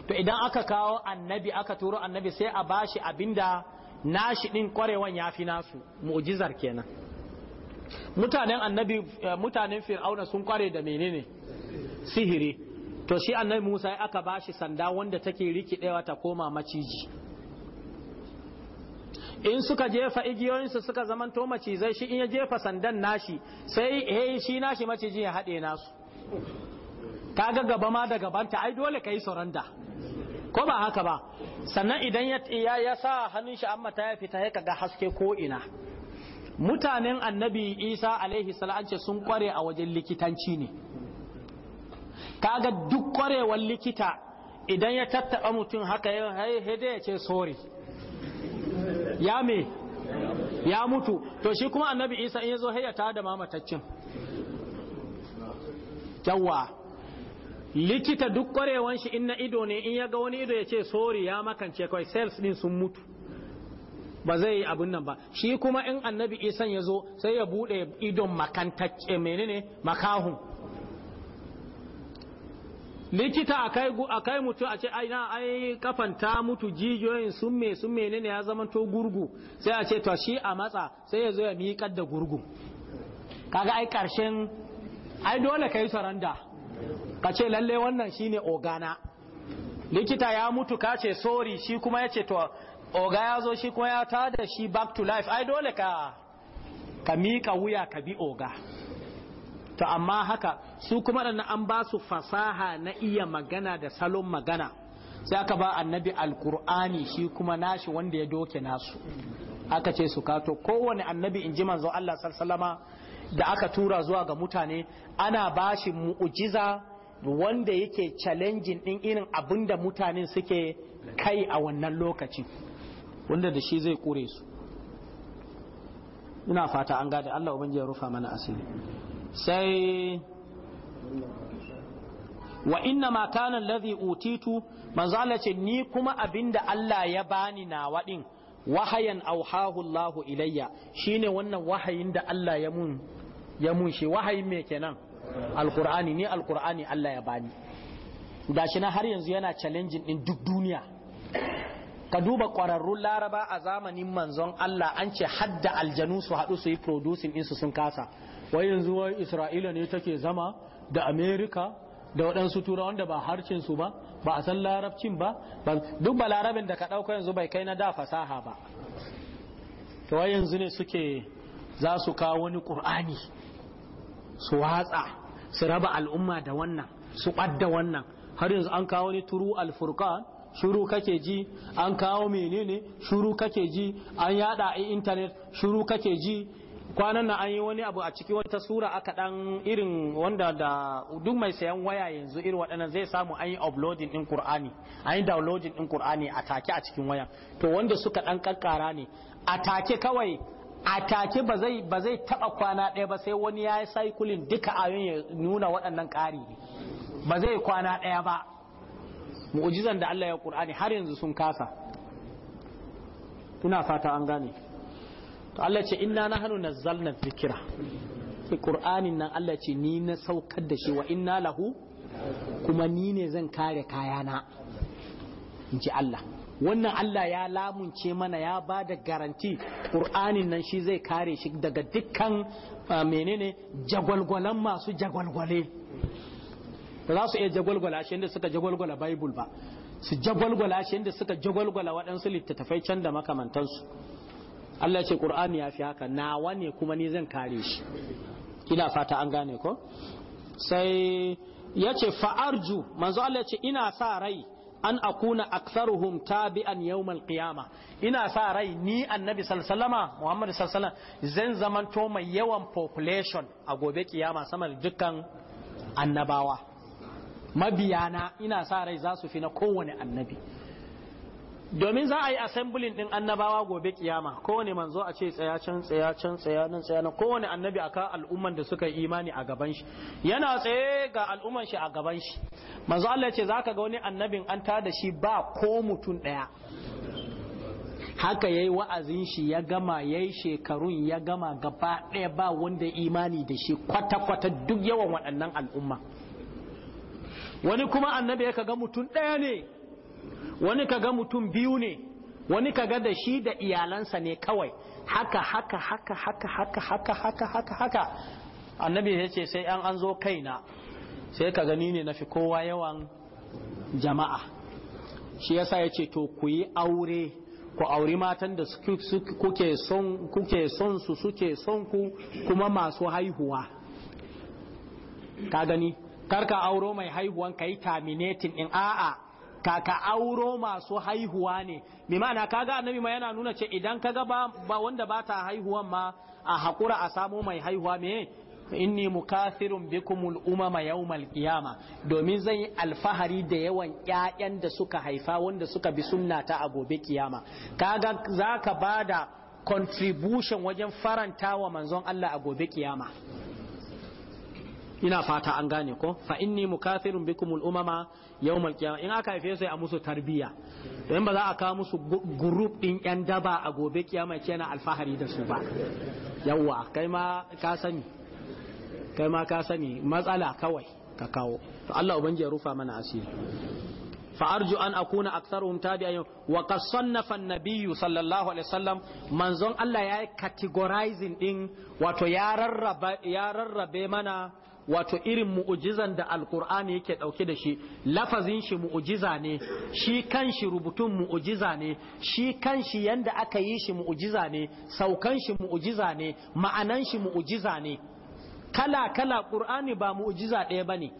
to idan aka kawo annabi aka turo annabi sai a bashi abinda nashi din kwarewan ya fi nasu mu'jizar kenan mutanen annabi eh, mutanen fir'auna sun kware da menene sihiri to shi annabi Musa aka bashi sanda wanda take rikidewa ta koma maciji in suka jefa igiyoyinsu suka zamanto macizai shi in ya jefa sandan nashi sai eh shi nashi macijin ya haɗe nasu kaga gaba ma da gabanta ai dole ka yi suranda ko ba haka ba sannan idan ya ya sa hannun shi amma ta ya fita ya kaga haske ko ina mutanen annabi isa alaihi salam ce sun kware a wajen likitanci ne kaga duk kwarewar likita idan ya tattaɓa mutum haka ya haide ya ce sorry ya me ya mutu to shi kuma annabi isa in yazo hayyata da mamataccin yawa likita duk kwarewan shi in na ido ne in ya ga wani ido ya ce sori ya makance kawai cells din sun mutu ba zai yi abin nan ba shi kuma in annabi isan ya zo sai ya bude idon makantacce menene makahun likita a kai mutu a ce aina ai kafan ta mutu jijiyoyin sun me sun menene ya zama to gurgu sai a ce to shi a matsa sai ya zo ya miƙar da gurgu kaga ai karshen ai dole kai saranda ka ce lalle wannan shine ogana likita ya mutu ka ce sorry shi kuma ya ce to oga ya zo shi kuma ya tada shi back to life ai dole ka ka miƙa wuya ka bi oga to amma haka su kuma dan an ba su fasaha na iya magana da salon magana sai aka ba annabi alkur'ani shi kuma nashi wanda ya doke nasu aka ce su kato kowane annabi in ji manzo Allah sallama da aka tura zuwa ga mutane ana bashi mu'ujiza wanda yake challenging din irin abinda mutane suke kai a wannan lokaci wanda da shi zai kure su ina fata an gada Allah ubangiji ya rufa mana asiri sai wa inna ma kana allazi utitu manzo Allah ce ni kuma abinda Allah ya bani na wadin wahayan auhahu Allah ilayya shine wannan wahayin da Allah ya mun ya mun shi wahayin me kenan alqur'ani ni alqur'ani Allah ya bani gashi na har yanzu yana challenging din duk duniya ka duba kwararrun laraba a zamanin manzon Allah an ce hadda aljanu su haɗu su yi producing ɗinsu sun kasa wai yanzu wai isra'ila ne take zama da amerika da waɗansu tura wanda ba harcin su ba ba a san larabcin ba duk ba larabin da ka ɗauka yanzu bai kai na da fasaha ba Ta wai yanzu ne suke za su kawo wani ƙur'ani su watsa su raba al'umma da wannan su ɓadda wannan har yanzu an kawo wani turu alfurkan shuru kake ji an kawo menene shuru kake ji an yada a intanet shuru kake ji kwanan na an yi wani abu a cikin wata sura aka dan irin wanda da duk mai sayan waya yanzu irin waɗannan zai samu an yi uploading din Qur'ani an yi downloading din Qur'ani a take a cikin waya to wanda suka dan kakkara ne a take kawai a take bazai zai taba kwana ɗaya ba sai wani ya yi cycling duka a ya nuna waɗannan ƙari ba zai kwana ɗaya ba mu'jizan da Allah ya Qur'ani har yanzu sun kasa ina fata an gane to Allah ce inna nahnu nazzalna dhikra Qur'anin nan Allah ce ni na saukar da shi wa inna lahu kuma ni ne zan kare kayana in ji Allah wannan Allah ya lamunce mana ya ba da garanti qur'anin nan shi zai kare shi daga dukkan ah, menene jagwalgwalan masu jagwalgwale ba za su iya jagwalgwala shi inda suka jagwalgwala bible ba su jagwalgwala shi inda suka jagwalgwala waɗansu littattafai can da makamantansu Allah ce Qur'ani ya fi haka nawa ne kuma ni zan kare shi ina fata an gane ko sai ya ce fa'arju manzo Allah ce ina sa rai an akuna aktharuhum tabi'an yawmal qiyama ina sa rai ni annabi sallama Muhammad sallama zan zamanto mai yawan population a gobe kiyama sama da dukkan annabawa mabiyana ina sa rai za su fi na kowane annabi domin za a yi assembling din annabawa gobe kiyama kowane manzo a ce tsaya can tsaya can tsaya nan tsaya nan kowane annabi aka al'umman da suka yi imani a gaban shi yana tsaye ga al'umman shi a gaban shi manzo Allah ce zaka ga wani annabin an ta da shi ba ko mutum daya haka yayi wa'azin shi ya gama yayi shekarun ya gama gaba daya ba wanda imani da shi kwata kwata duk yawan waɗannan al'umma wani kuma annabi ya ga mutum daya ne wani kaga mutum biyu ne wani kaga da shi da iyalansa ne kawai haka haka haka haka haka haka haka haka haka annabi ya ce sai an an zo kaina sai ka gani ne na fi kowa yawan jama'a shi yasa ya ce to ku yi aure ku auri matan da kuke son kuke son su suke son ku kuma masu haihuwa ka gani karka auro mai haihuwan ka yi terminating in a'a kaka auro masu haihuwa ne mai ma'ana kaga annabi ma yana nuna ce idan kaga ba, ba wanda ba ta haihuwan ma a hakura a samo mai haihuwa me inni mukathirun bikumul umama yawmal qiyama domin zan yi alfahari da yawan ƴaƴan da suka haifa wanda suka bi sunna ta a gobe kiyama kaga zaka bada contribution wajen faranta wa manzon Allah a gobe kiyama ina fata an gane ko fa inni mukathirun bikum al-umama yawm al-qiyamah in aka haife su a musu tarbiya don ba za a kawo musu group din yan daba a gobe kiyama na alfahari da su ba yawa kai ma ka sani kai ma ka sani matsala kawai ka kawo to Allah ubangi ya rufa mana asiri fa arju an akuna aktharuhum tabi'an wa qad sannafa an-nabiy sallallahu alaihi wasallam manzon Allah ya categorizing din wato ya rarraba ya rarrabe mana wato irin mu'ujizan da alkur'ani yake dauke da shi lafazin shi mu'ujiza ne shi kanshi rubutun mu'ujiza ne shi kanshi yanda aka yi shi mu'ujiza ne saukan shi mu'ujiza ne ma'anan shi mu'ujiza ne kala kala qur'ani ba mu'ujiza ɗaya bane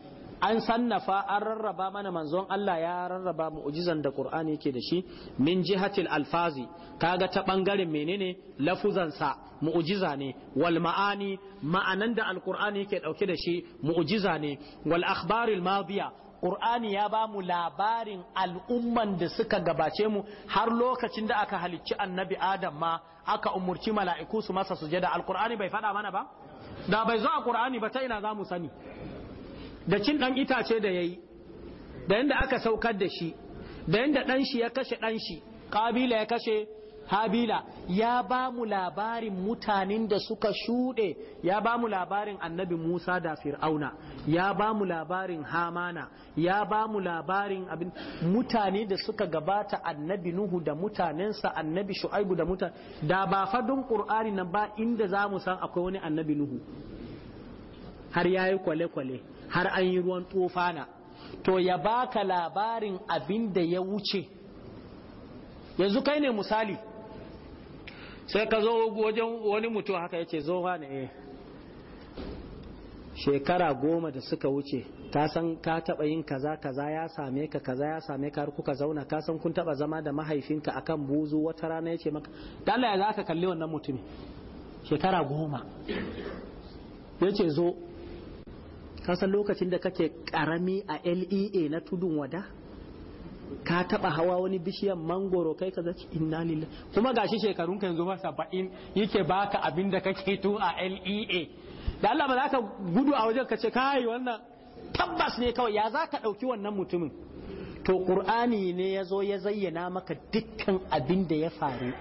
an sannafa an rarraba mana manzon Allah ya rarraba mu'jizan da Qur'ani yake da shi min jihatil alfazi kaga ta bangaren menene lafuzan sa mu'jiza ne wal ma'ani ma'anan da alqur'ani yake dauke da shi mu'jiza ne wal akhbaril madiya Qur'ani ya ba mu labarin al'umman da suka gabace mu har lokacin da aka halicci annabi Adam ma aka umurci mala'iku su masa sujada al bai faɗa mana ba da bai zo a Qur'ani ba ta ina za mu sani da cin ɗan itace da ya yi da yadda aka saukar da shi da yadda ɗan shi ya kashe ɗan shi Kabila ya kashe habila ya ba mu labarin mutanen da suka shuɗe ya ba mu labarin annabi musa da fir'auna ya ba mu labarin hamana ya ba mu labarin abin mutane da suka gabata annabi nuhu da mutanensa annabi shu'aibu da mutane da ba fadin ƙur'ani nan ba inda za mu san akwai wani annabi nuhu har ya yi kwale-kwale har an yi ruwan tufana to ya baka labarin abin da ya wuce yanzu kai ne misali sai ka zo wajen wani mutum haka yace zo ba ne shekara goma da suka wuce ka san ka taba yin kaza kaza ya same ka kaza ya same ka har kuka zauna ka san kun taba zama da mahaifinka akan buzu wata rana yace maka dan Allah ya zaka kalli wannan shekara goma yace zo kasan lokacin da kake karami a lea na tudun wada ka taba hawa wani bishiyan mangoro kai ka zaci inna lillahi kuma gashi shekarun ka yanzu ba saba'in yake baka abin da kake to a lea da Allah ba za ka gudu a wajen ka ce kai wannan tabbas ne kawai ya za ka ɗauki wannan mutumin to ƙur'ani ne ya zo ya zayyana maka dukkan abin da ya faru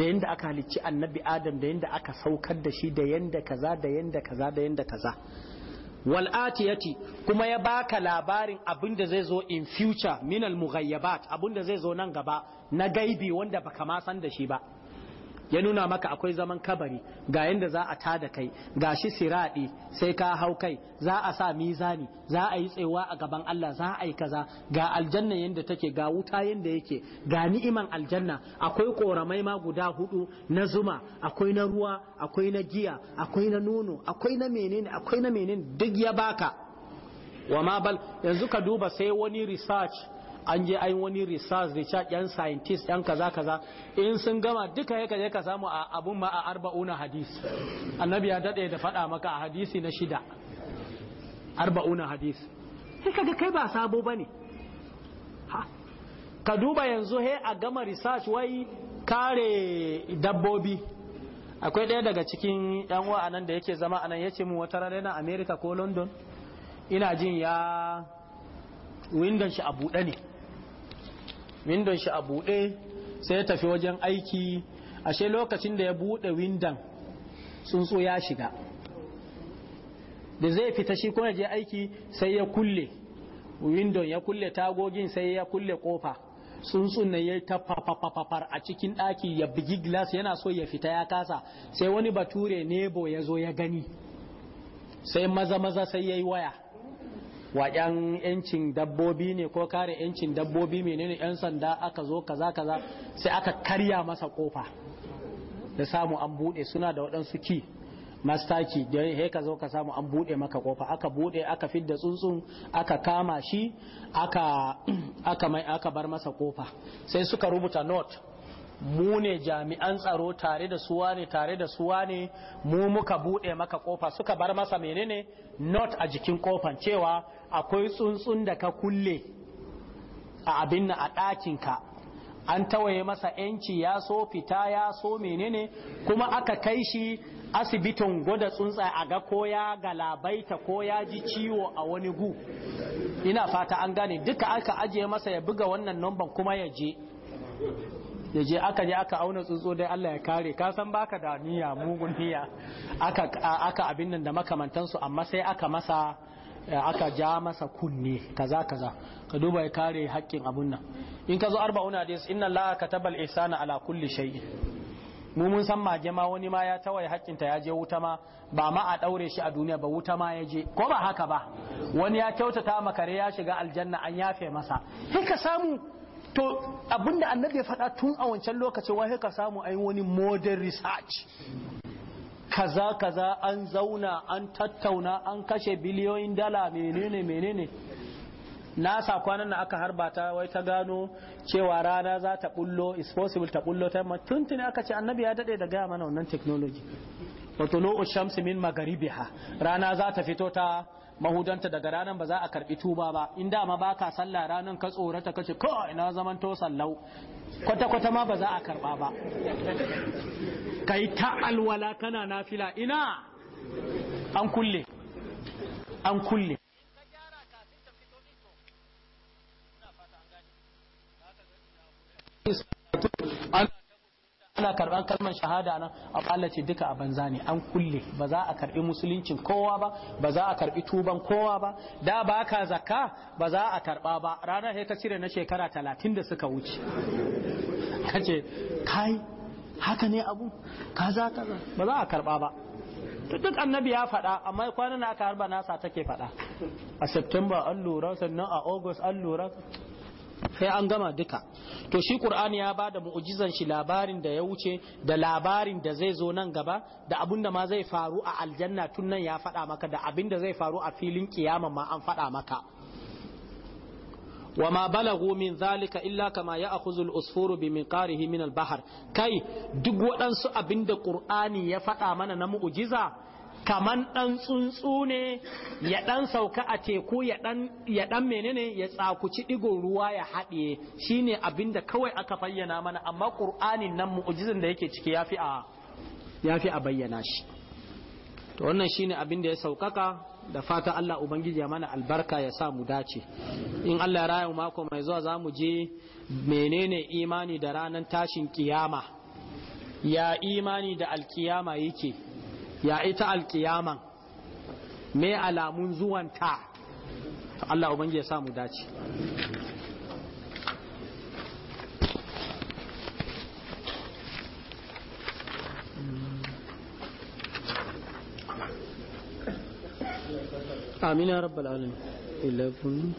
da yanda aka halicci annabi adam da yanda aka saukar da shi da yanda kaza da yanda kaza da yanda kaza wal atiyati kuma ya baka labarin abin da zai zo in future minal mughayyabat abin da zai zo nan gaba na gaibi wanda baka ma san da shi ba ya nuna maka akwai zaman kabari ga yanda za a tada kai ga shi siradi sai ka hau kai za a sa mizani za a yi tsewa a gaban Allah za a yi kaza ga aljanna yanda take ga wuta yanda yake ga ni'iman aljanna akwai koramai ma guda hudu na zuma akwai na ruwa akwai na giya akwai na nono akwai na menene akwai na menene duk ya baka wa ma bal yanzu ka duba sai wani research an je an wani research research yan scientist yan kaza kaza in sun gama duka ya kaje ka samu a abun ma a arba'una hadis annabi ya dade da faɗa maka a hadisi na shida arba'una hadis sai kaga kai ba sabo bane ha ka duba yanzu he a gama research wai kare dabbobi akwai ɗaya daga cikin yan uwa anan da yake zama anan yace mu wata rana na America ko London ina jin ya windon shi a buɗe ne windon shi a buɗe sai ya tafi wajen aiki ashe lokacin da ya buɗe windon tsuntsu ya shiga da zai fita shi kuma je aiki sai ya kulle windon ya kulle tagogin sai ya kulle kofa tsuntsun nan ya ta fafafafar a cikin ɗaki ya bugi glass yana so ya fita ya kasa sai wani bature nebo ya zo ya gani sai maza maza sai ya yi waya waƙen yancin dabbobi ne ko kare yancin dabbobi menene yan sanda aka zo kaza kaza sai aka karya masa kofa da samu an buɗe suna da waɗansu ki mastaki da he ka zo ka samu an buɗe maka kofa aka buɗe aka da tsuntsun aka kama shi aka aka mai aka bar masa kofa sai suka rubuta not mu ne jami'an tsaro tare da suwa ne tare da suwa ne mu muka buɗe maka kofa suka bar masa menene not a jikin kofan cewa akwai tsuntsun da ka kulle a abin na a ɗakinka an tawaye masa ‘yanci ya so fita ya so menene kuma aka kai shi asibitin gwada tsuntsa a ga ko ya galabaita ko ya ji ciwo a wani gu ina fata an gane duka aka ajiye masa ya buga wannan nomban kuma ya je ya je aka je aka auna tsuntsu dai Allah ya kare ka san baka da niyya mugun niyya aka aka abin nan da makamantansu amma sai aka masa Eh, aka ja masa kunne kaza kaza ka duba ya kare haƙƙin abun nan in ka zo arba'una da inna allaha katabal ihsana ala kulli shay'in mu mun san mage ma wani ma ya tawaye ta ya je wuta ma ba ma a ɗaure shi a duniya ba wuta ma ya je ko ba haka ba wani ya kyautata ma kare ya shiga aljanna an yafe masa sai ka samu to abinda annabi ya faɗa tun a wancan lokacin wai ka samu ai wani modern research kaza kaza an zauna an tattauna an kashe biliyoyin dala menene menene nasa kwanan na aka harbata wai ta gano cewa rana za ta bullo is possible ta bullo ta tuntuni aka ce annabi ya dade da gaya mana wannan technology wato lo'u shamsi min magaribiha rana za ta fito ta mahudanta daga ranar ba za a karbi tuba ba in dama ma baka sallah ranar ka tsorata kace ko ina zaman to sallau kwata-kwata ma ba za a karba ba ka yi ta alwala kana nafila ina an kulle an kulle ana karban kalmar shahada nan amma Allah ce duka a banza ne an kulle ba za a karbi musuluncin kowa ba ba za a karbi tuban kowa ba da ba ka zakka ba za a karba ba ranar sai ka cire na shekara talatin da suka wuce kace kai haka ne abu kaza kaza ba za a karba ba duk annabi ya faɗa amma kwanan aka harba nasa take faɗa a september an lura sannan a august an lura sai an gama duka to shi qur'ani ya ba da mu'jizan shi labarin da ya wuce da labarin da zai zo nan gaba da abin da ma zai faru a aljanna tun nan ya faɗa maka da abin da zai faru a filin kiyama ma an faɗa maka balagu وما بلغوا من ذلك إلا كما يأخذ الأسفور بمنقاره من البحر kai duk waɗansu abinda da ƙur'ani ya faɗa mana na mu'ujiza kaman ɗan tsuntsu ne ya ɗan sauka a teku ya ɗan menene ya tsakuci ɗigon ruwa ya haɗiye shine abinda kawai aka fayyana mana amma ƙur'anin nan mu'ujizin da yake ciki ya fi a ya a bayyana shi to wannan shine abin da ya saukaka da fata Allah ubangiji ya mana albarka ya sa mu dace in Allah ya raya mako mai zuwa za mu je menene imani da ranar tashin kiyama ya imani da alkiyama yake ya ita alkiyama me alamun zuwanta Allah ubangi ya samu dace amina rabbal alamin 11